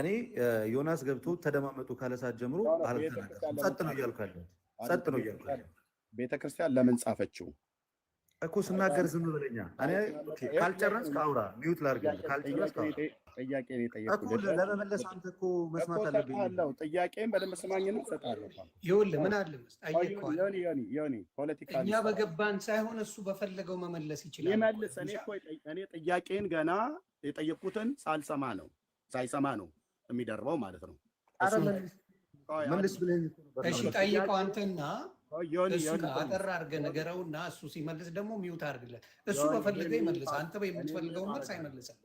እኔ ዮናስ ገብቶ ተደማመጡ ካለሳት ጀምሮ ጸጥ ነው እያልኩ ቤተክርስቲያን ለምን ጻፈችው እኮ ስናገር ዝም ብለኛ ካልጨረስ ከአውራ ሚዩት ላድርግ። ለመመለስ አንተ እኮ መስማት አለብኝ። ጥያቄን በደንብ ስማኝን እሰጥሃለሁ። ይኸውልህ ምን አለ ፖለቲካ እኛ በገባን ሳይሆን እሱ በፈለገው መመለስ ይችላል። ይመልስ። እኔ ጥያቄን ገና የጠየቁትን ሳልሰማ ነው ሳይሰማ ነው የሚደርበው ማለት ነው። መልስ ብለህ ጠይቀው አንተና አጠር አድርገህ ንገረውና እሱ ሲመልስ ደግሞ ሚዩት አድርግለት። እሱ በፈለገ ይመልስ፣ አንተ የምትፈልገው መልስ አይመልስልህ።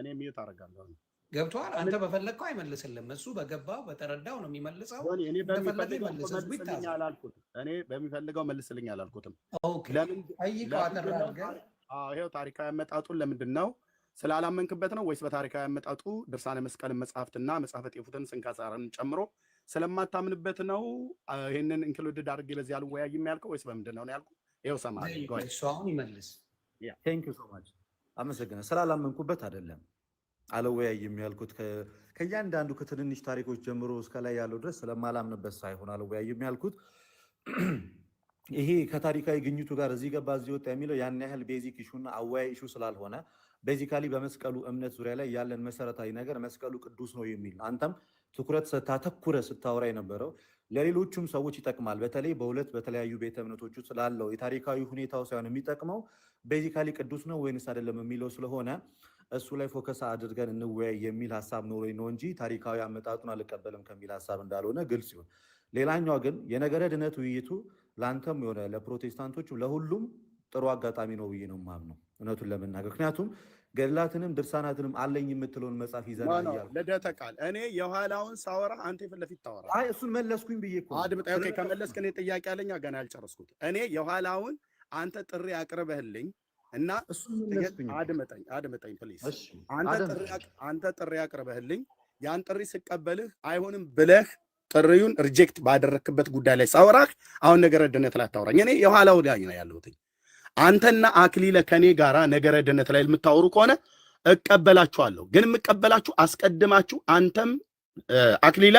እኔ ሚዩት አደርጋለሁ። ገብቶሃል? አንተ በፈለግከው አይመልስልም። እሱ በገባው በተረዳው ነው የሚመልሰው። እኔ በሚፈልገው መልስልኝ አላልኩትም። ይኸው ታሪካዊ አመጣጡን ለምንድን ነው ስላላመንክበት ነው ወይስ በታሪካዊ አመጣጡ ድርሳነ መስቀልን መጽሐፍትና መጽሐፈ ጤፉትን ስንክሳርን ጨምሮ ስለማታምንበት ነው ይህንን እንክሉድድ አድርጌ በዚህ አልወያይም ያልከው ወይስ በምንድን ነው ያልኩ? ይኸው ሰማህ። አሁን ይመልስ። ቴንክዩ ሶ ማች አመሰግናለሁ። ስላላመንኩበት አይደለም አልወያይም ያልኩት ከእያንዳንዱ ከትንንሽ ታሪኮች ጀምሮ እስከ ላይ ያለው ድረስ ስለማላምንበት ሳይሆን አልወያይም ያልኩት ይሄ ከታሪካዊ ግኝቱ ጋር እዚህ ገባ እዚህ ወጣ የሚለው ያን ያህል ቤዚክ ኢሹና አወያይ ኢሹ ስላልሆነ ቤዚካሊ በመስቀሉ እምነት ዙሪያ ላይ ያለን መሰረታዊ ነገር መስቀሉ ቅዱስ ነው የሚል አንተም ትኩረት ስታተኩረ ስታወራ የነበረው ለሌሎቹም ሰዎች ይጠቅማል። በተለይ በሁለት በተለያዩ ቤተ እምነቶች ውስጥ ላለው የታሪካዊ ሁኔታው ሳይሆን የሚጠቅመው ቤዚካሊ ቅዱስ ነው ወይንስ አይደለም የሚለው ስለሆነ እሱ ላይ ፎከስ አድርገን እንወያይ የሚል ሀሳብ ኖሮ ነው እንጂ ታሪካዊ አመጣጡን አልቀበልም ከሚል ሀሳብ እንዳልሆነ ግልጽ ይሁን። ሌላኛው ግን የነገረ ድነት ውይይቱ ለአንተም የሆነ ለፕሮቴስታንቶች ለሁሉም ጥሩ አጋጣሚ ነው ብዬ ነው የማምነው እውነቱን ለመናገር ምክንያቱም ገድላትንም ድርሳናትንም አለኝ የምትለውን መጽሐፍ ይዘናል። ልደተ ቃል እኔ የኋላውን ሳወራ አንተ የፊት ለፊት ታወራ። አይ እሱን መለስኩኝ ብዬ እኮ አድምጣ። ከመለስክ እኔ ጥያቄ አለኝ፣ ገና ያልጨረስኩት። እኔ የኋላውን አንተ ጥሪ አቅርበህልኝ እና አድምጠኝ፣ አድምጠኝ ፕሊዝ። አንተ ጥሪ አቅርበህልኝ ያን ጥሪ ስቀበልህ አይሆንም ብለህ ጥሪውን ሪጀክት ባደረክበት ጉዳይ ላይ ሳወራህ አሁን ነገር ደህንነት ላታወራኝ። እኔ የኋላው ላይ ነው ያለሁትኝ አንተና አክሊለ ከኔ ጋራ ነገረ ድነት ላይ የምታወሩ ከሆነ እቀበላችኋለሁ። ግን የምቀበላችሁ አስቀድማችሁ አንተም አክሊለ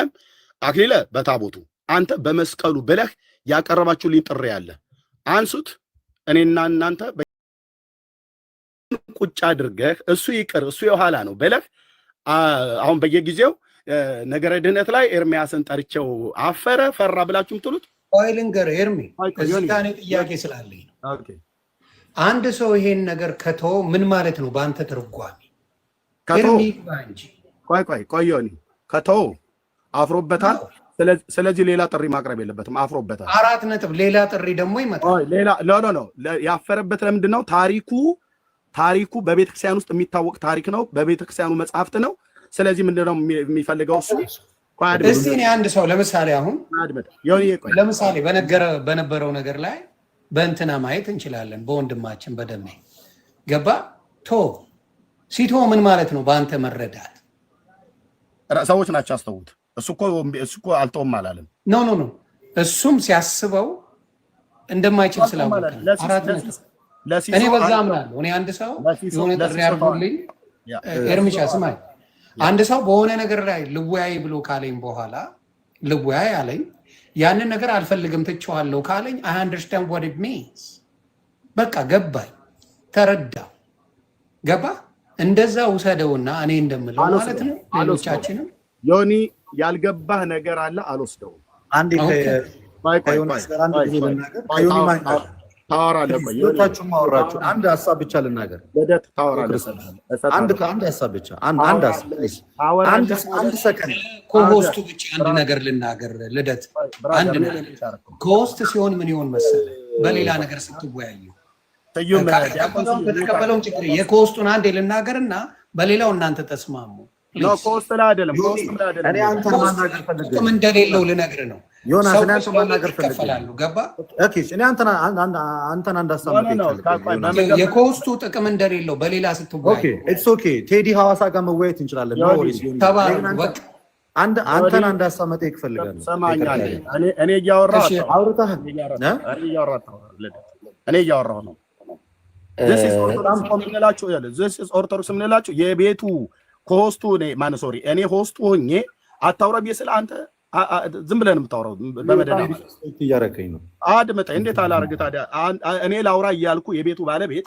አክሊለ በታቦቱ አንተ በመስቀሉ ብለህ ያቀረባችሁልኝ ጥሪ አለ። አንሱት። እኔና እናንተ ቁጭ አድርገህ እሱ ይቅር እሱ የኋላ ነው ብለህ አሁን በየጊዜው ነገረ ድህነት ላይ ኤርሚያስን ጠርቼው አፈረ ፈራ ብላችሁም ትሉት ኤርሚ እዚህ ጋር እኔ ጥያቄ ስላለኝ ነው። አንድ ሰው ይሄን ነገር ከቶ ምን ማለት ነው? በአንተ ትርጓሚ ቆይ ቆይ ከቶ አፍሮበታል። ስለዚህ ሌላ ጥሪ ማቅረብ የለበትም። አፍሮበታል። አራት ነጥብ። ሌላ ጥሪ ደግሞ ይመጣል። ሌላ ኖ ኖ ያፈረበት ለምንድን ነው? ታሪኩ ታሪኩ በቤተክርስቲያን ውስጥ የሚታወቅ ታሪክ ነው። በቤተክርስቲያኑ መጽሐፍት ነው። ስለዚህ ምንድን ነው የሚፈልገው እሱ እስቲ እኔ አንድ ሰው ለምሳሌ አሁን ለምሳሌ በነበረው ነገር ላይ በእንትና ማየት እንችላለን። በወንድማችን በደሜ ገባ ቶ ሲቶ ምን ማለት ነው? በአንተ መረዳት ሰዎች ናቸው አስተውት። እሱ እኮ አልተውም አላለም። ኖ ኖ ኖ እሱም ሲያስበው እንደማይችል ስላወቀ እኔ በዛ አምናለሁ። እኔ አንድ ሰው የሆነ ጥሪ አድርጎልኝ ኤርሚሻ ስማኝ፣ አንድ ሰው በሆነ ነገር ላይ ልወያይ ብሎ ካለኝ በኋላ ልወያይ አለኝ ያንን ነገር አልፈልግም ትችኋለሁ ካለኝ አይ አንደርስታንድ ዋት ኢት ሚንስ በቃ ገባኝ፣ ተረዳ፣ ገባ እንደዛ ውሰደውና እኔ እንደምለው ማለት ነው። ሌሎቻችንም ዮኒ ያልገባህ ነገር አለ አልወስደውም። አንዴ ከዮናስ ጋር አንድ ጊዜ ልናገር ታወራለህ። ቆይታችሁ ማወራችሁ አንድ ሀሳብ ብቻ ልናገር። አንድ ከአንድ ሀሳብ ብቻ አንድ አንድ ሰከንድ ከሆስቱ ብቻ አንድ ነገር ልናገር። ልደት አንድ ነገር ከሆስት ሲሆን ምን ይሆን መሰለህ፣ በሌላ ነገር ስትወያዩ ተቀበለውን ችግር የከሆስቱን አንዴ ልናገር እና በሌላው እናንተ ተስማሙ። ከሆስት ላይ አይደለም፣ ከሆስት ላይ አይደለም። እንደሌለው ልነግር ነው ዮናስ እኔ የኮስቱ ጥቅም እንደሌለው በሌላ ስትወያይ ቴዲ ሐዋሳ ጋር መወያየት እንችላለን። አንተን አንድ ሀሳብ መጠየቅ እኔ እያወራሁ ነው። ኦርቶዶክስ የምንላቸው የቤቱ ሶሪ እኔ ሆስቱ ሆኜ አታውራ ብዬ ስለ አንተ ዝም ብለን የምታወራው በመደዳ እያረከኝ ነው። አድምጠኝ። እንዴት አላርግ ታዲያ? እኔ ላውራ እያልኩ የቤቱ ባለቤት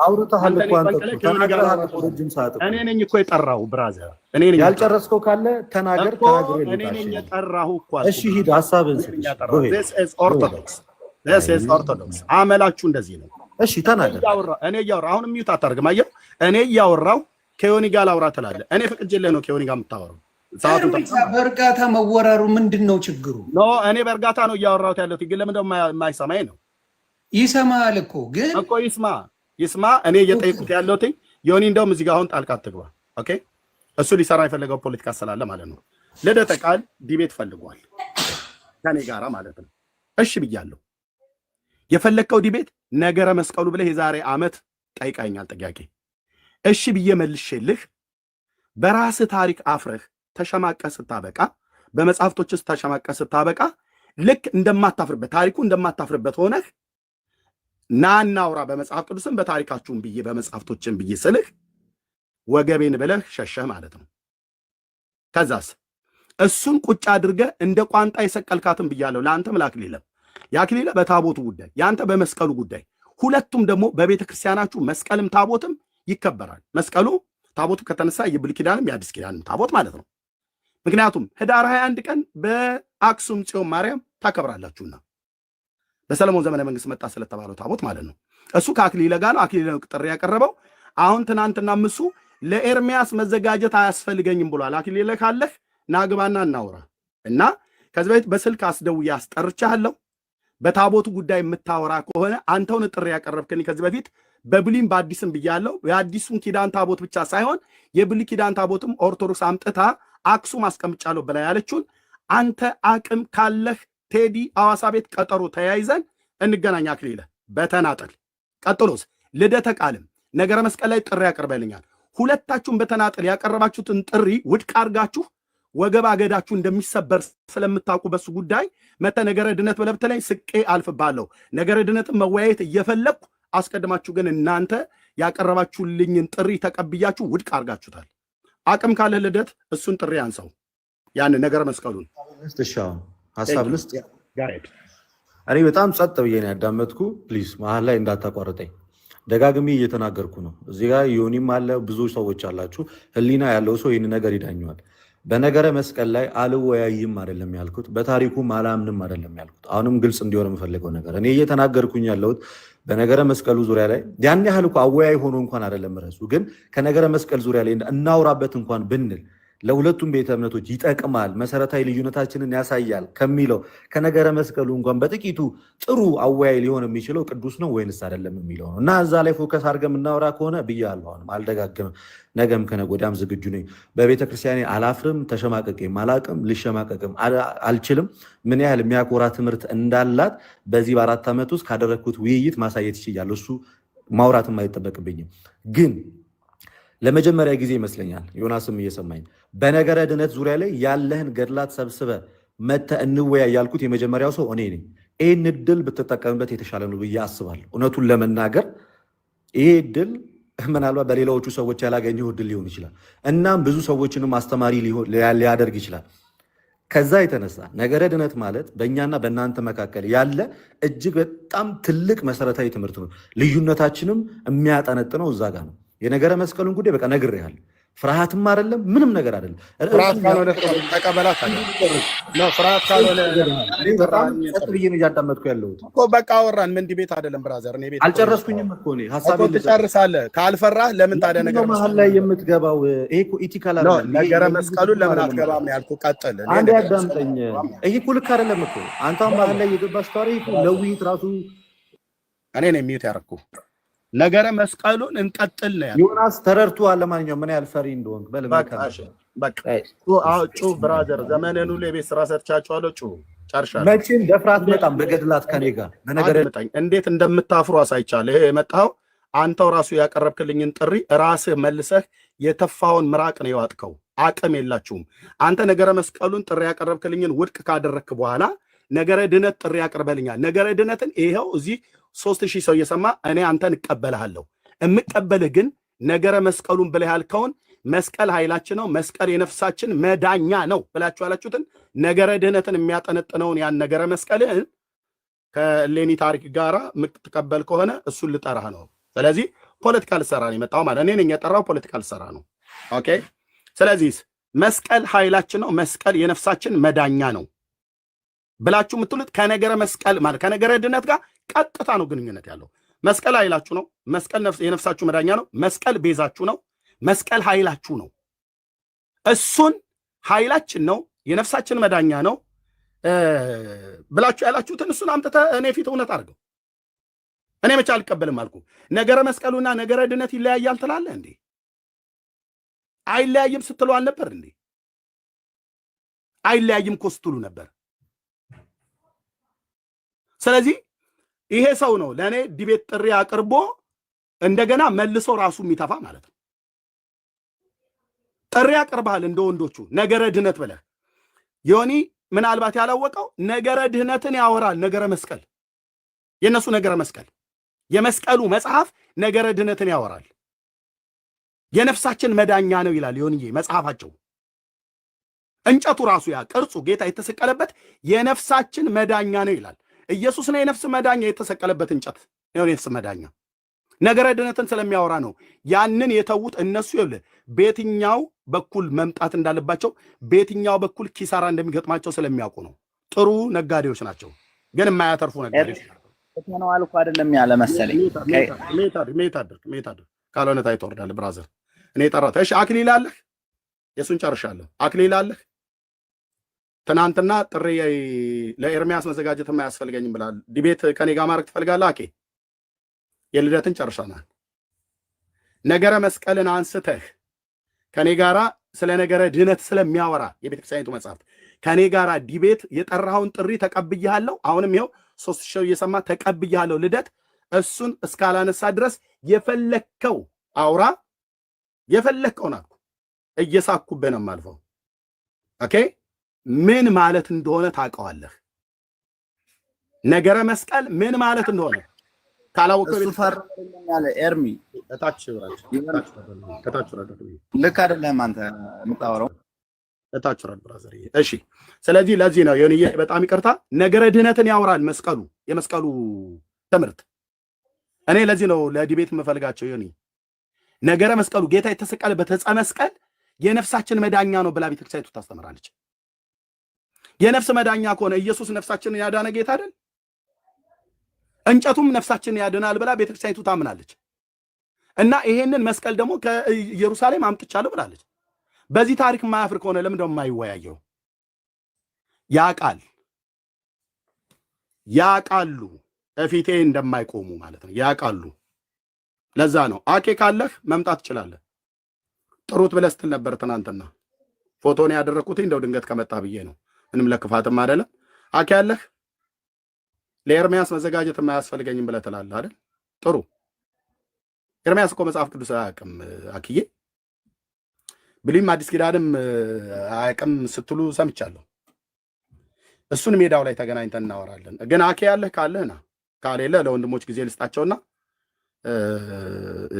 እኔ ነኝ እኮ የጠራሁ። ብራዘር ያልጨረስከው ካለ ተናገር። እኔ ነኝ የጠራሁ እኮ። እሺ ሂድ፣ ሀሳብህን ኦርቶዶክስ አመላችሁ እንደዚህ ነው። እሺ ተናገር። እኔ እያወራ አሁን ሚዩት አታርግም። አየው፣ እኔ እያወራው ከዮኒ ጋር ላውራ ትላለህ። እኔ ፍቅጄልህ ነው ከዮኒ ጋር የምታወራው በእርጋታ መወራሩ ምንድን ነው ችግሩ? እኔ በእርጋታ ነው እያወራሁት ያለሁት፣ ግን ለምን ደግሞ የማይሰማኝ ነው? ይሰማል እኮ ግን እኮ ይስማ ይስማ። እኔ እየጠየቁት ያለሁት ዮኒ፣ እንደውም እዚህ ጋር አሁን ጣልቃ አትግባ። ኦኬ፣ እሱ ሊሰራ የፈለገው ፖለቲካ ስላለ ማለት ነው። ልደተ ቃል ዲቤት ፈልጓል ከኔ ጋራ ማለት ነው። እሺ ብያለሁ። የፈለግከው ዲቤት ነገረ መስቀሉ ብለህ የዛሬ ዓመት ጠይቃኛል ጥያቄ። እሺ ብዬ መልሼልህ በራስህ ታሪክ አፍረህ ተሸማቀ ስታበቃ፣ በመጽሐፍቶች ውስጥ ተሸማቀ ስታበቃ፣ ልክ እንደማታፍርበት ታሪኩ እንደማታፍርበት ሆነህ ና እናውራ በመጽሐፍ ቅዱስን በታሪካችሁን ብዬ በመጽሐፍቶችን ብዬ ስልህ ወገቤን ብለህ ሸሸህ ማለት ነው። ከዛስ እሱን ቁጭ አድርገ እንደ ቋንጣ የሰቀልካትን ብያለሁ። ለአንተም ለአክሊለም የአክሊለ በታቦቱ ጉዳይ የአንተ በመስቀሉ ጉዳይ ሁለቱም ደግሞ በቤተ ክርስቲያናችሁ መስቀልም ታቦትም ይከበራል። መስቀሉ ታቦቱ ከተነሳ የብሉይ ኪዳንም የአዲስ ኪዳንም ታቦት ማለት ነው። ምክንያቱም ህዳር 21 ቀን በአክሱም ጽዮን ማርያም ታከብራላችሁና በሰለሞን ዘመነ መንግስት መጣ ስለተባለው ታቦት ማለት ነው። እሱ ከአክሊለ ጋር ነው። አክሊለ ጥሪ ያቀረበው አሁን ትናንትና ምሱ ለኤርሚያስ መዘጋጀት አያስፈልገኝም ብሏል። አክሊለ ካለህ ናግባና እናውራ እና ከዚህ በፊት በስልክ አስደውዬ አስጠርቻለሁ። በታቦቱ ጉዳይ የምታወራ ከሆነ አንተውን ጥሪ ያቀረብክን ከዚህ በፊት በብሉይም በአዲስም ብያለሁ። የአዲሱን ኪዳን ታቦት ብቻ ሳይሆን የብሉይ ኪዳን ታቦትም ኦርቶዶክስ አምጥታ አክሱም አስቀምጫለሁ ብላ ያለችውን አንተ አቅም ካለህ ቴዲ አዋሳ ቤት ቀጠሮ ተያይዘን እንገናኝ። አክሊለ በተናጠል ቀጥሎስ ልደተ ቃልም ነገረ መስቀል ላይ ጥሪ ያቀርበልኛል። ሁለታችሁም በተናጠል ያቀረባችሁትን ጥሪ ውድቅ አድርጋችሁ ወገብ አገዳችሁ እንደሚሰበር ስለምታውቁ በሱ ጉዳይ መተ ነገረ ድነት በለብተ ላይ ስቄ አልፍባለሁ። ነገረ ድነትን መወያየት እየፈለግኩ አስቀድማችሁ ግን እናንተ ያቀረባችሁልኝን ጥሪ ተቀብያችሁ ውድቅ አድርጋችሁታል። አቅም ካለ ልደት እሱን ጥሪ አንሰው ያን ነገር መስቀሉን ሀሳብ ልስጥ። እኔ በጣም ጸጥ ብዬ ነው ያዳመጥኩ። ፕሊዝ መሀል ላይ እንዳታቋርጠኝ። ደጋግሜ እየተናገርኩ ነው። እዚህ ጋር ዮኒም አለ፣ ብዙ ሰዎች አላችሁ። ህሊና ያለው ሰው ይህን ነገር ይዳኘዋል። በነገረ መስቀል ላይ አልወያይም አይደለም ያልኩት፣ በታሪኩም አላምንም አይደለም ያልኩት። አሁንም ግልጽ እንዲሆን የምፈልገው ነገር እኔ እየተናገርኩኝ ያለሁት በነገረ መስቀሉ ዙሪያ ላይ ያን ያህል እኮ አወያይ ሆኖ እንኳን አይደለም ርዕሱ፣ ግን ከነገረ መስቀል ዙሪያ ላይ እናውራበት እንኳን ብንል ለሁለቱም ቤተ እምነቶች ይጠቅማል፣ መሰረታዊ ልዩነታችንን ያሳያል ከሚለው ከነገረ መስቀሉ እንኳን በጥቂቱ ጥሩ አወያይ ሊሆን የሚችለው ቅዱስ ነው ወይንስ አይደለም የሚለው ነው እና እዛ ላይ ፎከስ አድርገን የምናወራ ከሆነ ብዬ አለሁንም አልደጋግምም። ነገም ከነገ ወዲያም ዝግጁ ነኝ። በቤተክርስቲያኔ አላፍርም፣ ተሸማቀቄም አላቅም፣ ልሸማቀቅም አልችልም። ምን ያህል የሚያኮራ ትምህርት እንዳላት በዚህ በአራት ዓመት ውስጥ ካደረግኩት ውይይት ማሳየት ይችያል። እሱ ማውራትም አይጠበቅብኝም። ግን ለመጀመሪያ ጊዜ ይመስለኛል ዮናስም እየሰማኝ በነገረ ድነት ዙሪያ ላይ ያለህን ገድላት ሰብስበ መተ እንወያ ያልኩት የመጀመሪያው ሰው እኔ ነኝ። ይህን እድል ብትጠቀምበት የተሻለ ነው ብዬ አስባለሁ። እውነቱን ለመናገር ይሄ እድል ምናልባት በሌላዎቹ ሰዎች ያላገኘው እድል ሊሆን ይችላል። እናም ብዙ ሰዎችንም አስተማሪ ሊያደርግ ይችላል። ከዛ የተነሳ ነገረ ድነት ማለት በእኛና በእናንተ መካከል ያለ እጅግ በጣም ትልቅ መሰረታዊ ትምህርት ነው። ልዩነታችንም የሚያጠነጥነው እዛ ጋር ነው። የነገረ መስቀሉን ጉዳይ በቃ ነግሬሃለሁ። ፍርሃትም አይደለም ምንም ነገር አይደለም። ፍርሃት ካልሆነ ተቀበላት እያዳመጥኩ ያለሁት እኮ በቃ አወራን። ምንዲ ቤት አይደለም ብራዘር፣ እኔ ቤት አልጨረስኩኝም እኮ እኔ ሀሳቤን ትጨርሳለህ። ካልፈራህ ለምን ታዲያ ነገር መሀል ላይ የምትገባው? ይሄ እኮ ኢቲካል ነገረ መስቀሉን ለምን አትገባም ነው ያልኩህ። ቀጥል። አንድ ያዳምጠኝ። ይሄ እኮ ልክ አይደለም እኮ አንተ መሀል ላይ የገባ ስታሪ ለውይይት ራሱ እኔ ነው የሚዩት ያደረኩህ ነገረ መስቀሉን እንቀጥል ነው ያለው። ዮናስ ተረድቶሃል። ለማንኛውም ምን ያህል ፈሪ እንደሆን በል ጩ ብራዘር። ዘመንህን ሁሉ የቤት ስራ ሰርቻችኋለሁ። ጩ ጨርሻለሁ። መቼም ደፍራት በጣም በገድላት ከኔ ጋር በነገር እንዴት እንደምታፍሩ አሳይቻለ። ይሄ የመጣኸው አንተው ራሱ ያቀረብክልኝን ጥሪ ራስህ መልሰህ የተፋውን ምራቅ ነው የዋጥከው። አቅም የላችሁም። አንተ ነገረ መስቀሉን ጥሪ ያቀረብክልኝን ውድቅ ካደረክ በኋላ ነገረ ድነት ጥሪ ያቀርበልኛል። ነገረ ድነትን ይኸው እዚህ ሶስት ሺህ ሰው እየሰማ እኔ አንተን እቀበልሃለሁ። እምቀበልህ ግን ነገረ መስቀሉን ብለህ ያልከውን መስቀል ኃይላችን ነው፣ መስቀል የነፍሳችን መዳኛ ነው ብላችሁ ያላችሁትን ነገረ ድህነትን የሚያጠነጥነውን ያን ነገረ መስቀልህን ከሌኒ ታሪክ ጋር የምትቀበል ከሆነ እሱን ልጠራህ ነው። ስለዚህ ፖለቲካ ልሰራ ነው የመጣው ማለት እኔ ነኝ የጠራው ፖለቲካ ልሰራ ነው። ኦኬ። ስለዚህ መስቀል ኃይላችን ነው፣ መስቀል የነፍሳችን መዳኛ ነው ብላችሁ የምትሉት ከነገረ መስቀል ማለት ከነገረ ድህነት ጋር ቀጥታ ነው ግንኙነት ያለው። መስቀል ኃይላችሁ ነው። መስቀል የነፍሳችሁ መዳኛ ነው። መስቀል ቤዛችሁ ነው። መስቀል ኃይላችሁ ነው። እሱን ኃይላችን ነው የነፍሳችን መዳኛ ነው ብላችሁ ያላችሁትን እሱን አምጥተ እኔ ፊት እውነት አድርገው። እኔ መቼ አልቀበልም አልኩ። ነገረ መስቀሉና ነገረ ድነት ይለያያል ትላለ እንዴ? አይለያይም ስትሉ አልነበር እንዴ? አይለያይም እኮ ስትሉ ነበር። ስለዚህ ይሄ ሰው ነው ለእኔ ዲቤት ጥሪ አቅርቦ እንደገና መልሶ ራሱ የሚተፋ ማለት ነው። ጥሪ አቅርበሃል እንደ ወንዶቹ ነገረ ድህነት ብለህ ዮኒ ምናልባት ያላወቀው ነገረ ድህነትን ያወራል። ነገረ መስቀል የእነሱ ነገረ መስቀል የመስቀሉ መጽሐፍ ነገረ ድህነትን ያወራል። የነፍሳችን መዳኛ ነው ይላል ዮኒዬ መጽሐፋቸው። እንጨቱ ራሱ ያ ቅርጹ ጌታ የተሰቀለበት የነፍሳችን መዳኛ ነው ይላል። ኢየሱስ ነው የነፍስ መዳኛ የተሰቀለበት እንጨት ነው የነፍስ መዳኛ። ነገረ ድነትን ስለሚያወራ ነው። ያንን የተዉት እነሱ ይብል በየትኛው በኩል መምጣት እንዳለባቸው በየትኛው በኩል ኪሳራ እንደሚገጥማቸው ስለሚያውቁ ነው። ጥሩ ነጋዴዎች ናቸው፣ ግን የማያተርፉ ነጋዴዎች ነው አልኩ። አይደለም ያለ መሰለኝ። ካልሆነ ታይቶ ወርዳለህ ብራዘር። እኔ ጠራት። እሺ አክሊል አለህ? የእሱን ጨርሻለሁ። አክሊል አለህ? ትናንትና ጥሪ ለኤርሚያስ መዘጋጀት የማያስፈልገኝም ብላል። ዲቤት ከኔ ጋር ማድረግ ትፈልጋለህ? አኬ የልደትን ጨርሰናል። ነገረ መስቀልን አንስተህ ከኔ ጋራ ስለ ነገረ ድህነት ስለሚያወራ የቤተክርስቲያኒቱ መጽሐፍት ከኔ ጋራ ዲቤት የጠራኸውን ጥሪ ተቀብያለሁ። አሁንም ይኸው ሶስት ሺው እየሰማ ተቀብያለሁ። ልደት እሱን እስካላነሳ ድረስ የፈለግከው አውራ፣ የፈለግከውን አልኩ። እየሳኩብህ ነው የማልፈው። ኦኬ ምን ማለት እንደሆነ ታውቀዋለህ። ነገረ መስቀል ምን ማለት እንደሆነ ካላወቀው ኤርሚ ከታች ልክ አይደለም አንተ የምታወራው እታች ወራል ብራዘር። እሺ ስለዚህ ለዚህ ነው የሆንዬ በጣም ይቅርታ ነገረ ድህነትን ያወራል መስቀሉ የመስቀሉ ትምህርት። እኔ ለዚህ ነው ለዲቤት የምፈልጋቸው የሆንዬ ነገረ መስቀሉ ጌታ የተሰቀለበት ዕፀ መስቀል የነፍሳችን መዳኛ ነው ብላ ቤተክርስቲያኒቱ ታስተምራለች። የነፍስ መዳኛ ከሆነ ኢየሱስ ነፍሳችንን ያዳነ ጌታ አይደል? እንጨቱም ነፍሳችንን ያድናል ብላ ቤተክርስቲያኒቱ ታምናለች። እና ይሄንን መስቀል ደግሞ ከኢየሩሳሌም አምጥቻለሁ ብላለች። በዚህ ታሪክ ማያፍር ከሆነ ለምን ደግሞ የማይወያየው? ያ ያቃሉ እፊቴ እንደማይቆሙ ማለት ነው። ቃሉ ለዛ ነው አኬ ካለህ መምጣት ትችላለህ። ጥሩት ብለህ ስትል ነበር ትናንትና። ፎቶን ያደረግኩት እንደው ድንገት ከመጣ ብዬ ነው። ምንም ለክፋትም አይደለም። አኬ ያለህ ለኤርሚያስ መዘጋጀት የማያስፈልገኝም ብለህ ትላለህ አይደል? ጥሩ ኤርሚያስ እኮ መጽሐፍ ቅዱስ አያውቅም አክዬ ብሉይም አዲስ ኪዳንም አያውቅም ስትሉ ሰምቻለሁ። እሱን ሜዳው ላይ ተገናኝተን እናወራለን። ግን አኬ ያለህ ካለህ ና፣ ካሌለ ለወንድሞች ጊዜ ልስጣቸውና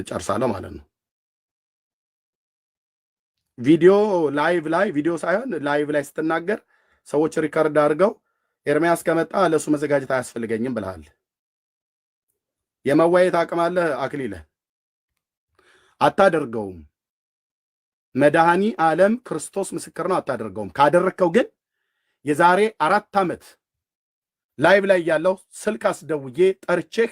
ጨርሳለሁ ማለት ነው። ቪዲዮ ላይቭ ላይ ቪዲዮ ሳይሆን ላይቭ ላይ ስትናገር ሰዎች ሪከርድ አድርገው ኤርሚያስ ከመጣ ለእሱ መዘጋጀት አያስፈልገኝም ብለሃል። የመዋየት አቅም አለህ አክሊለ፣ አታደርገውም። መድኃኒ ዓለም ክርስቶስ ምስክር ነው፣ አታደርገውም። ካደረግከው ግን የዛሬ አራት ዓመት ላይቭ ላይ ያለው ስልክ አስደውዬ ጠርቼህ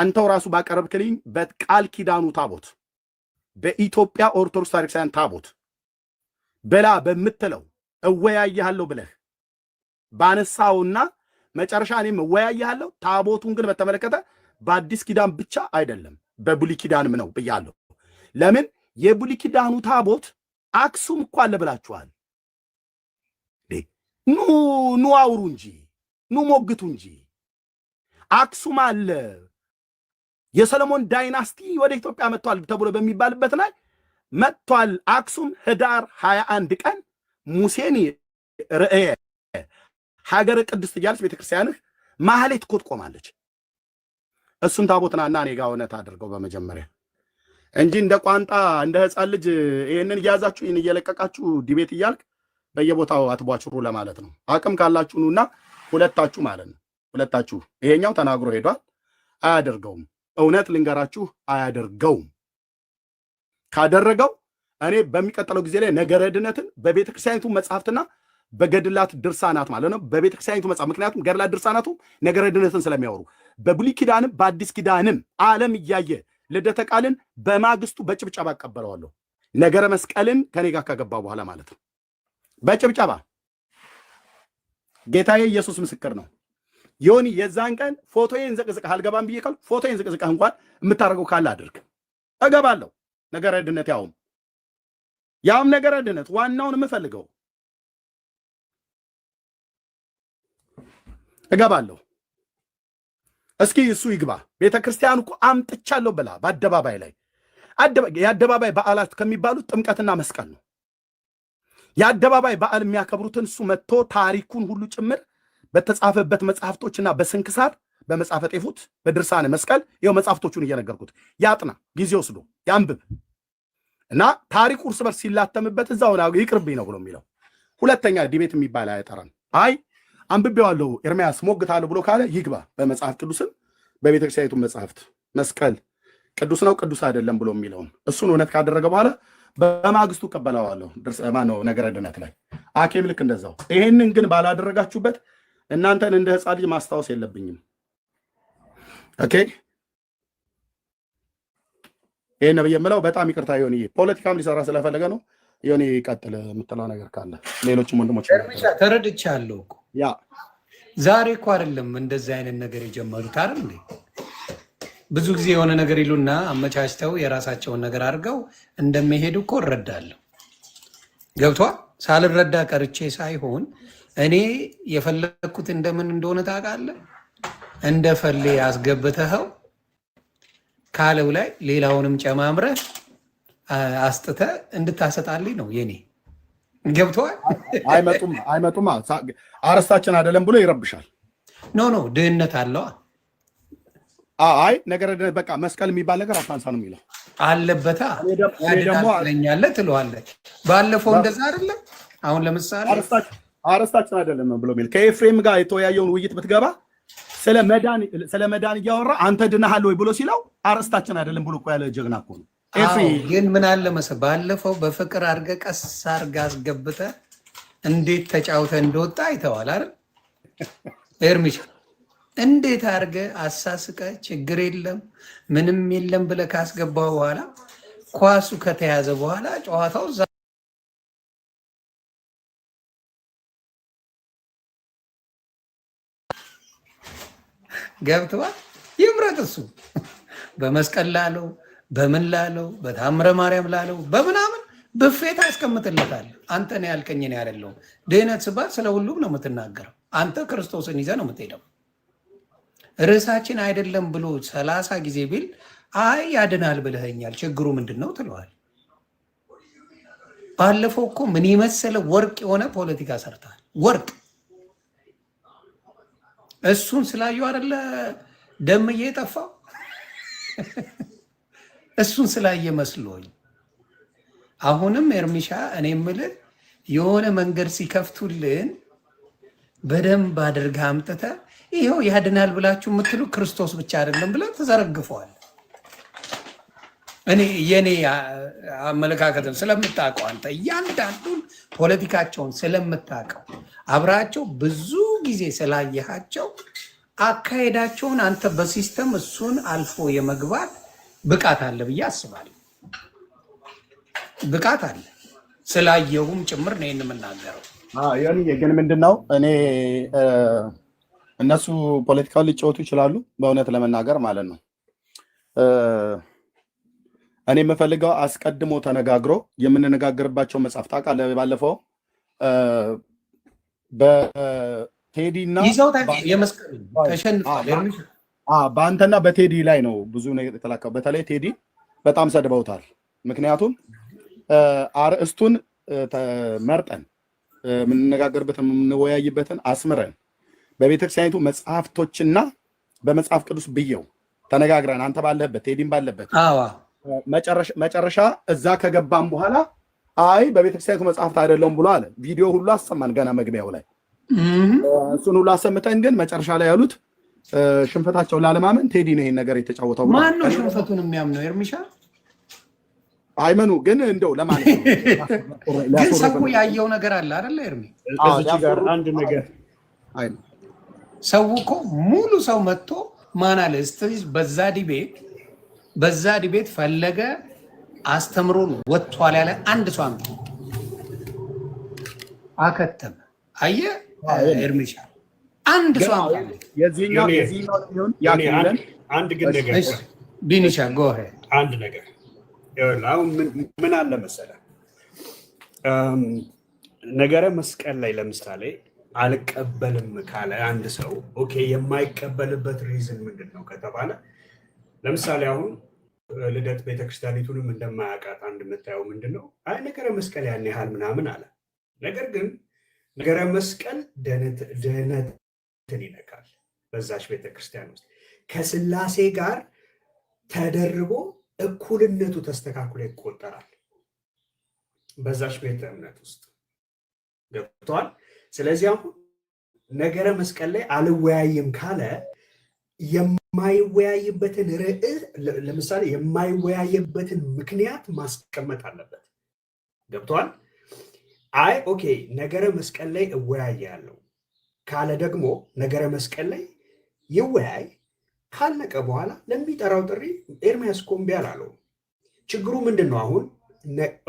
አንተው ራሱ ባቀረብክልኝ በቃል ኪዳኑ ታቦት በኢትዮጵያ ኦርቶዶክስ ታሪክሳያን ታቦት ብላ በምትለው እወያያለሁ ብለህ ባነሳውና መጨረሻ እኔም እወያያለሁ። ታቦቱን ግን በተመለከተ በአዲስ ኪዳን ብቻ አይደለም በብሉይ ኪዳንም ነው ብያለሁ። ለምን የብሉይ ኪዳኑ ታቦት አክሱም እኮ አለ ብላችኋል። ኑ ኑ አውሩ እንጂ ኑ ሞግቱ እንጂ አክሱም አለ። የሰለሞን ዳይናስቲ ወደ ኢትዮጵያ መጥቷል ተብሎ በሚባልበት ላይ መጥቷል። አክሱም ህዳር 21 ቀን ሙሴን ርእየ ሀገረ ቅድስት እያለች ቤተክርስቲያንህ ማህሌት ትኮጥቆማለች። እሱን ታቦትናና እኔ ጋ እውነት አድርገው በመጀመሪያ እንጂ እንደ ቋንጣ እንደ ህፃን ልጅ ይህንን እያያዛችሁ ይህን እየለቀቃችሁ ዲቤት እያልክ በየቦታው አትቧችሩ ለማለት ነው። አቅም ካላችሁ ኑና ሁለታችሁ ማለት ነው። ሁለታችሁ ይሄኛው ተናግሮ ሄዷል። አያደርገውም። እውነት ልንገራችሁ፣ አያደርገውም። ካደረገው እኔ በሚቀጥለው ጊዜ ላይ ነገረ ድነትን በቤተክርስቲያኒቱ መጽሐፍትና በገድላት ድርሳናት ማለት ነው። በቤተክርስቲያኒቱ መጽሐፍ ምክንያቱም ገድላት ድርሳናቱ ነገረ ድነትን ስለሚያወሩ በብሉይ ኪዳንም በአዲስ ኪዳንም ዓለም እያየ ልደተ ቃልን በማግስቱ በጭብጨባ እቀበለዋለሁ። ነገረ መስቀልን ከኔ ጋር ከገባ በኋላ ማለት ነው። በጭብጨባ ጌታዬ ኢየሱስ ምስክር ነው። ዮኒ የዛን ቀን ፎቶዬን ዘቅዝቅህ አልገባም ብዬ ካልኩ ፎቶዬን ዘቅዝቅህ እንኳን የምታደርገው ካለ አድርግ፣ እገባለሁ ነገረ ድነት ያውም ያም ነገረ ድነት ዋናውን የምፈልገው እገባለሁ። እስኪ እሱ ይግባ። ቤተ ክርስቲያን እኮ አምጥቻለሁ ብላ በአደባባይ ላይ የአደባባይ በዓላት ከሚባሉት ጥምቀትና መስቀል ነው። የአደባባይ በዓል የሚያከብሩትን እሱ መጥቶ ታሪኩን ሁሉ ጭምር በተጻፈበት መጽሐፍቶችና በስንክሳር በመጽሐፈ ጤፉት በድርሳነ መስቀል ይኸው መጽሐፍቶቹን እየነገርኩት ያጥና ጊዜ ወስዶ ያንብብ። እና ታሪኩ እርስ በርስ ሲላተምበት እዛው ይቅርብኝ ነው ብሎ የሚለው ሁለተኛ ዲቤት የሚባል አይጠራም። አይ አንብቤዋለሁ ኤርሚያስ ሞግታለሁ ብሎ ካለ ይግባ በመጽሐፍ ቅዱስም በቤተክርስቲያኒቱ መጽሐፍት መስቀል ቅዱስ ነው ቅዱስ አይደለም ብሎ የሚለውን እሱን እውነት ካደረገ በኋላ በማግስቱ እቀበለዋለሁ። ድርሰማ ነው ነገረ ድነት ላይ አኬም ልክ እንደዛው። ይሄንን ግን ባላደረጋችሁበት እናንተን እንደ ሕፃን ልጅ ማስታወስ የለብኝም ኦኬ ይሄን ነው የምለው። በጣም ይቅርታ ሆን ፖለቲካም ሊሰራ ስለፈለገ ነው። ሆን ይቀጥል የምትለው ነገር ካለ ሌሎችም ወንድሞች ተረድቻለሁ። ያ ዛሬ እኮ አይደለም እንደዚህ አይነት ነገር የጀመሩት አይደል? ብዙ ጊዜ የሆነ ነገር ይሉና አመቻችተው የራሳቸውን ነገር አድርገው እንደሚሄዱ እኮ እረዳለሁ። ገብቷ ሳልረዳ ቀርቼ ሳይሆን እኔ የፈለግኩት እንደምን እንደሆነ ታውቃለህ። እንደ ፈሌ ያስገብተኸው ካለው ላይ ሌላውንም ጨማምረ አስጥተ እንድታሰጣልኝ ነው የኔ። ገብተዋል። አይመጡም አይመጡም። አረስታችን አይደለም ብሎ ይረብሻል። ኖ ኖ ድህነት አለዋ። አይ ነገር በቃ መስቀል የሚባል ነገር አታንሳ ነው የሚለው አለበታ። ለኛለ ትለዋለ። ባለፈው እንደዛ አይደለም። አሁን ለምሳሌ አረስታችን አይደለም ብሎ ከኤፍሬም ጋር የተወያየውን ውይይት ብትገባ ስለ መዳን እያወራ አንተ ድናሃል ወይ ብሎ ሲለው አርእስታችን አይደለም ብሎ እኮ ያለ ጀግና እኮ ነው። ግን ምን አለ መሰለህ ባለፈው በፍቅር አድርገ ቀስ አድርገህ አስገብተ እንዴት ተጫውተ እንደወጣ አይተዋል አይደል? ኤርሚሽ እንዴት አድርገህ አሳስቀ ችግር የለም ምንም የለም ብለ ካስገባው በኋላ ኳሱ ከተያዘ በኋላ ጨዋታው ገብተዋል። ይምረጥ እሱ በመስቀል ላለው በምን ላለው በታምረ ማርያም ላለው በምናምን ብፌት አስቀምጥለታል። አንተ ነው ያልከኝ ነው ያደለውም። ድህነት ስባል ስለ ሁሉም ነው የምትናገረው። አንተ ክርስቶስን ይዘህ ነው የምትሄደው። ርዕሳችን አይደለም ብሎ ሰላሳ ጊዜ ቢል አይ ያድናል ብለኸኛል፣ ችግሩ ምንድን ነው ትለዋል። ባለፈው እኮ ምን የመሰለ ወርቅ የሆነ ፖለቲካ ሰርተሃል። ወርቅ እሱን ስላየው አይደለ ደም የጠፋው እሱን ስላየ መስሎኝ። አሁንም ኤርሚሻ እኔ የምልህ የሆነ መንገድ ሲከፍቱልን በደንብ አድርገህ አምጥተህ ይኸው ያድናል ብላችሁ የምትሉ ክርስቶስ ብቻ አይደለም ብለን ተዘረግፈዋል። እኔ የእኔ አመለካከትም ስለምታውቀው አንተ እያንዳንዱን ፖለቲካቸውን ስለምታውቀው አብራቸው ብዙ ጊዜ ስላየሃቸው አካሄዳቸውን አንተ በሲስተም እሱን አልፎ የመግባት ብቃት አለ ብዬ አስባለሁ። ብቃት አለ ስላየሁም ጭምር ነው የምናገረው። ግን ምንድን ነው እኔ እነሱ ፖለቲካውን ሊጫወቱ ይችላሉ፣ በእውነት ለመናገር ማለት ነው እኔ የምፈልገው አስቀድሞ ተነጋግሮ የምንነጋገርባቸው መጽሐፍት አውቃለህ። ባለፈው በቴዲ እና በአንተና በቴዲ ላይ ነው ብዙ የተላከው። በተለይ ቴዲ በጣም ሰድበውታል። ምክንያቱም አርእስቱን መርጠን የምንነጋገርበትን የምንወያይበትን አስምረን በቤተክርስቲያኒቱ መጽሐፍቶችና በመጽሐፍ ቅዱስ ብየው ተነጋግረን አንተ ባለህበት ቴዲም ባለበት መጨረሻ እዛ ከገባም በኋላ አይ በቤተክርስቲያኑ መጽሐፍት አይደለም ብሎ አለ። ቪዲዮ ሁሉ አሰማን ገና መግቢያው ላይ እሱን ሁሉ አሰምተን፣ ግን መጨረሻ ላይ ያሉት ሽንፈታቸውን ላለማመን ቴዲ ነው ይሄን ነገር የተጫወተው። ማን ነው ሽንፈቱን የሚያምነው? ኤርሚሻ አይመኑ ግን እንደው ለማለት ግን ሰው ያየው ነገር አለ አይደለ? ኤርሚ እዚህ ጋር አንድ ነገር አይ ሰው እኮ ሙሉ ሰው መጥቶ ማን አለ እስቲ በዛ ዲቤት በዛ ዲቤት ፈለገ አስተምሮን ወጥቷል ያለ አንድ ሰው አምጡ። አከተመ። አየ እርምጃ አንድ ሰው አምጡ። የዚህኛው አንድ ግን ነገር ቢኒሻ ጎሄ አንድ ነገር አሁን ምን አለ መሰለህ ነገረ መስቀል ላይ ለምሳሌ አልቀበልም ካለ አንድ ሰው ኦኬ፣ የማይቀበልበት ሪዝን ምንድን ነው ከተባለ ለምሳሌ አሁን ልደት ቤተክርስቲያኒቱንም እንደማያውቃት አንድ የምታየው ምንድን ነው? አይ ነገረ መስቀል ያን ያህል ምናምን አለ። ነገር ግን ነገረ መስቀል ድህነትን ይነካል። በዛች ቤተክርስቲያን ውስጥ ከስላሴ ጋር ተደርቦ እኩልነቱ ተስተካክሎ ይቆጠራል። በዛች ቤተ እምነት ውስጥ ገብቷል። ስለዚህ አሁን ነገረ መስቀል ላይ አልወያይም ካለ የማይወያይበትን ርዕስ ለምሳሌ የማይወያይበትን ምክንያት ማስቀመጥ አለበት። ገብቷል? አይ ኦኬ፣ ነገረ መስቀል ላይ እወያያለሁ ካለ ደግሞ ነገረ መስቀል ላይ ይወያይ ካለቀ በኋላ ለሚጠራው ጥሪ ኤርሚያስ ኮምቢያል አለው። ችግሩ ምንድን ነው? አሁን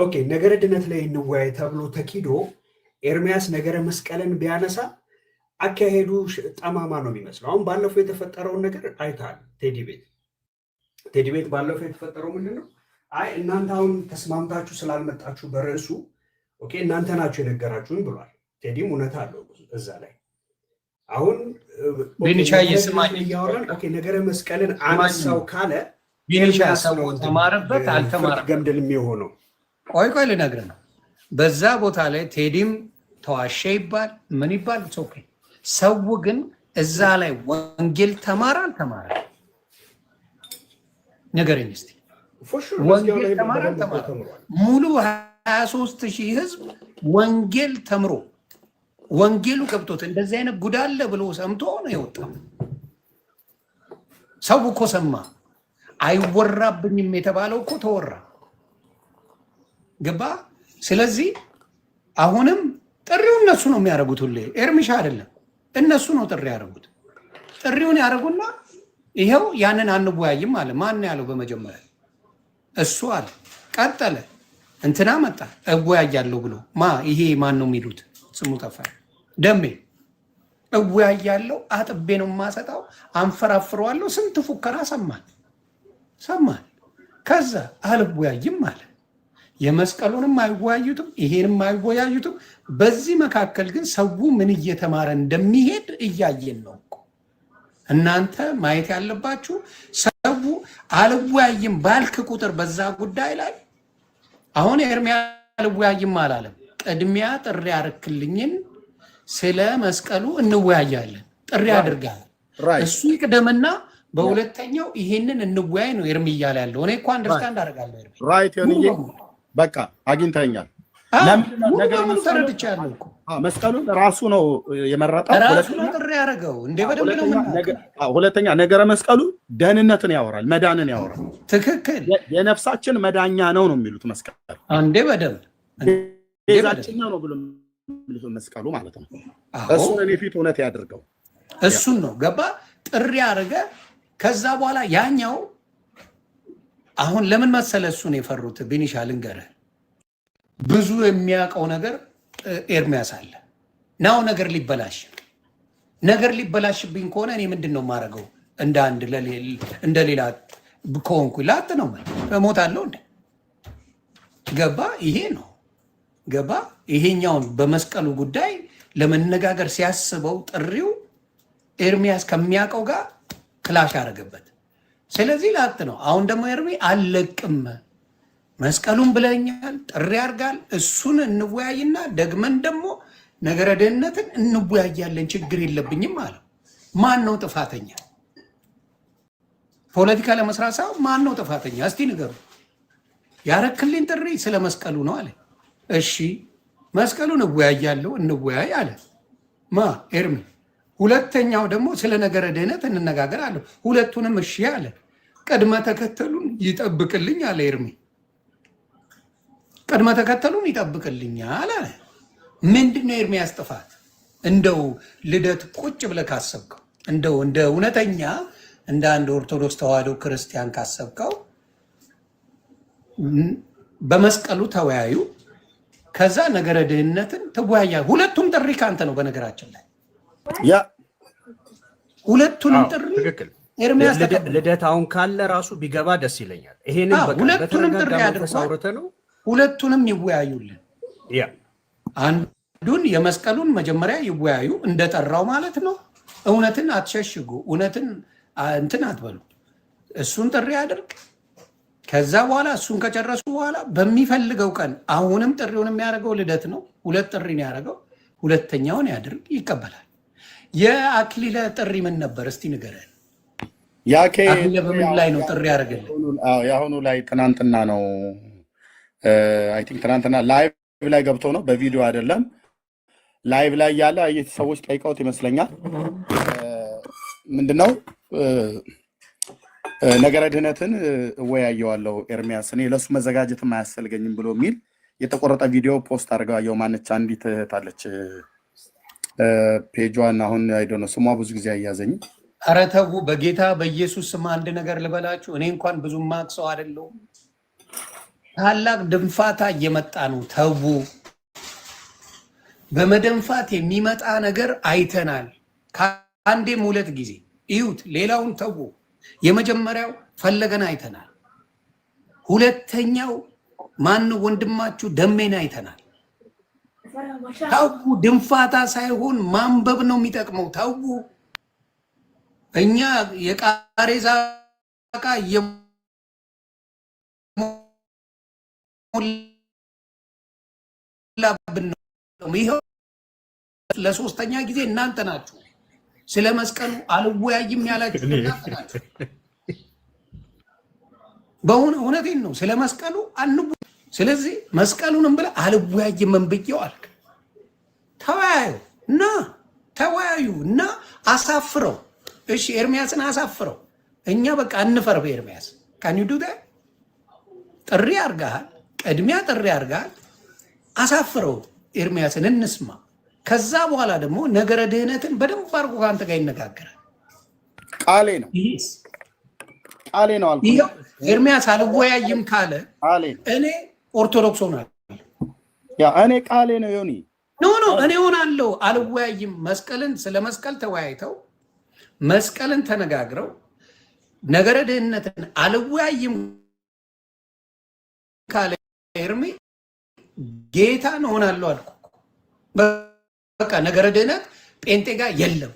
ኦኬ፣ ነገረ ድነት ላይ እንወያይ ተብሎ ተኪዶ ኤርሚያስ ነገረ መስቀልን ቢያነሳ አካሄዱ ጠማማ ነው የሚመስለው። አሁን ባለፈው የተፈጠረውን ነገር አይተሃል። ቴዲ ቤት ቴዲ ቤት ባለፈው የተፈጠረው ምንድን ነው? አይ እናንተ አሁን ተስማምታችሁ ስላልመጣችሁ በርዕሱ ኦኬ፣ እናንተ ናችሁ የነገራችሁን ብሏል። ቴዲም እውነት አለው እዛ ላይ። አሁን እያወራን ነገረ መስቀልን አነሳው ካለ ተማረበት አልተማረበት ገምድል የሚሆነው ቆይ ቆይ ልነግርህ ነው። በዛ ቦታ ላይ ቴዲም ተዋሸ ይባል ምን ይባል ኦኬ ሰው ግን እዛ ላይ ወንጌል ተማረ አልተማረ? ንገረኝ እስኪ። ወንጌል ተማረ አልተማረ? ሙሉ 23 ሺህ ህዝብ ወንጌል ተምሮ ወንጌሉ ገብቶት እንደዚህ አይነት ጉዳለ ብሎ ሰምቶ ነው የወጣው። ሰው እኮ ሰማ። አይወራብኝም የተባለው እኮ ተወራ። ገባ። ስለዚህ አሁንም ጥሪው እነሱ ነው የሚያደርጉት። ሁሌ ኤርሚሻ አይደለም እነሱ ነው ጥሪ ያደረጉት። ጥሪውን ያደረጉና ይኸው ያንን አንወያይም አለ። ማን ያለው በመጀመሪያ? እሱ አለ። ቀጠለ እንትና መጣ እወያያለሁ ብሎ ማ ይሄ ማን ነው የሚሉት ስሙ ጠፋ። ደሜ እወያያለሁ፣ አጥቤ ነው የማሰጣው፣ አንፈራፍረዋለሁ። ስንት ፉከራ ሰማል ሰማል። ከዛ አልወያይም አለ። የመስቀሉንም አይወያዩትም፣ ይሄንም አይወያዩትም። በዚህ መካከል ግን ሰው ምን እየተማረ እንደሚሄድ እያየን ነው እናንተ ማየት ያለባችሁ ሰው አልወያይም ባልክ ቁጥር በዛ ጉዳይ ላይ አሁን ኤርሚያ አልወያይም አላለም። ቅድሚያ ጥሪ አርክልኝን ስለ መስቀሉ እንወያያለን ጥሪ አድርጋል። እሱ ይቅደምና በሁለተኛው ይሄንን እንወያይ ነው ኤርሚ እያለ ያለው። እኔ እኮ አንደርስታንድ አደርጋለሁ ኤርሚ በቃ አግኝተኛል። መስቀሉን ራሱ ነው የመረጠው፣ ሁለተኛ ነገረ መስቀሉ ደህንነትን ያወራል፣ መዳንን ያወራል። ትክክል። የነፍሳችን መዳኛ ነው ነው የሚሉት መስቀሉ። አንዴ በደምብ ቤዛችን ነው ብሎ የሚሉት መስቀሉ ማለት ነው። እሱን እኔ ፊት እውነት ያድርገው። እሱን ነው ገባ ጥሪ ያደረገ። ከዛ በኋላ ያኛው አሁን ለምን መሰለ እሱን የፈሩት ቢኒሻ ልንገርህ፣ ብዙ የሚያውቀው ነገር ኤርሚያስ አለ። ናው ነገር ሊበላሽ ነገር ሊበላሽብኝ ከሆነ እኔ ምንድን ነው የማደርገው? እንደ አንድ እንደ ሌላ ከሆንኩ ላጥ ነው እሞታለሁ። እንደ ገባ ይሄ ነው ገባ ይሄኛውን በመስቀሉ ጉዳይ ለመነጋገር ሲያስበው ጥሪው ኤርሚያስ ከሚያውቀው ጋር ክላሽ አደረገበት። ስለዚህ ላት ነው። አሁን ደግሞ ኤርሚ አልለቅም መስቀሉን ብለኛል፣ ጥሪ ያርጋል። እሱን እንወያይና ደግመን ደግሞ ነገረ ደህንነትን እንወያያለን፣ ችግር የለብኝም አለው። ማን ነው ጥፋተኛ? ፖለቲካ ለመስራት ሳይሆን ማን ነው ጥፋተኛ? እስቲ ንገሩ። ያረክልኝ ጥሪ ስለ መስቀሉ ነው አለ። እሺ መስቀሉን እወያያለሁ፣ እንወያይ አለ ማ ኤርሚ ሁለተኛው ደግሞ ስለ ነገረ ድህነት እንነጋገር አለሁ። ሁለቱንም እሺ አለ። ቅድመ ተከተሉን ይጠብቅልኝ አለ። ኤርሚ ቅድመ ተከተሉን ይጠብቅልኛል አለ። ምንድን ነው ኤርሚያስ ጥፋት? እንደው ልደት ቁጭ ብለህ ካሰብከው እንደው እንደ እውነተኛ እንደ አንድ ኦርቶዶክስ ተዋህዶ ክርስቲያን ካሰብከው በመስቀሉ ተወያዩ፣ ከዛ ነገረ ድህነትን ትወያያ። ሁለቱም ጥሪ ከአንተ ነው በነገራችን ላይ ያ ሁለቱንም ጥሪ ኤርሚያስ ልደታውን ካለ ራሱ ቢገባ ደስ ይለኛል። ይሄንን ሁለቱንም ጥሪ አድርጓል። ሁለቱንም ይወያዩልን። አንዱን የመስቀሉን መጀመሪያ ይወያዩ እንደጠራው ማለት ነው። እውነትን አትሸሽጉ፣ እውነትን እንትን አትበሉ። እሱን ጥሪ አድርግ። ከዛ በኋላ እሱን ከጨረሱ በኋላ በሚፈልገው ቀን አሁንም ጥሪውን የሚያደርገው ልደት ነው። ሁለት ጥሪ ነው ያደረገው። ሁለተኛውን ያድርግ፣ ይቀበላል። የአክሊለ ጥሪ ምን ነበር? እስቲ ንገረን። አክሊለ በምን ላይ ነው ጥሪ ያደረገልን? የአሁኑ ላይ ትናንትና ነው አይ ቲንክ ትናንትና ላይቭ ላይ ገብቶ ነው፣ በቪዲዮ አይደለም። ላይቭ ላይ ያለ ሰዎች ጠይቀውት ይመስለኛል። ምንድነው ነገረ ድህነትን እወያየዋለሁ ኤርሚያስ፣ እኔ ለእሱ መዘጋጀትም አያስፈልገኝም ብሎ የሚል የተቆረጠ ቪዲዮ ፖስት አድርገዋየው ማነች አንዲት እህት አለች ፔጇን አሁን ነው ስሟ ብዙ ጊዜ አያዘኝ። ኧረ ተው በጌታ በኢየሱስ ስም አንድ ነገር ልበላችሁ። እኔ እንኳን ብዙ ማቅ ሰው አይደለሁም። ታላቅ ድንፋታ እየመጣ ነው። ተው በመደንፋት የሚመጣ ነገር አይተናል። ከአንዴም ሁለት ጊዜ እዩት። ሌላውን ተው። የመጀመሪያው ፈለገን አይተናል። ሁለተኛው ማን ወንድማችሁ ደሜን አይተናል። ታው ድንፋታ ሳይሆን ማንበብ ነው የሚጠቅመው። ታው እኛ የቃሬዛ ዕቃ እየሞላብን ነው። ይኸው ለሶስተኛ ጊዜ እናንተ ናችሁ ስለ መስቀሉ አልወያይም ያላችሁ በእውነቴን ነው ስለ መስቀሉ አንቡ ስለዚህ መስቀሉንም ብለህ አልወያይም ብዬው አልክ። ተወያዩ እና ተወያዩ እና አሳፍረው። እሺ ኤርሚያስን አሳፍረው። እኛ በቃ እንፈር ኤርሚያስ ካኒዱ ጥሪ አርጋሃል፣ ቅድሚያ ጥሪ አርጋሃል። አሳፍረው ኤርሚያስን እንስማ። ከዛ በኋላ ደግሞ ነገረ ድህነትን በደንብ አርጎ ከአንተ ጋር ይነጋገራል። ቃሌ ነው ቃሌ ነው አልኩህ። ኤርሚያስ አልወያይም ካለ እኔ ኦርቶዶክስ ሆናል። ያ እኔ ቃሌ ነው ዮኒ ኖ ኖ እኔ ሆናለሁ አልወያይም። መስቀልን ስለ መስቀል ተወያይተው መስቀልን ተነጋግረው ነገረ ድህነትን አልወያይም ካለ ኤርሚ ጌታን እሆናለሁ አልኩ። በቃ ነገረ ድህነት ጴንጤ ጋር የለም።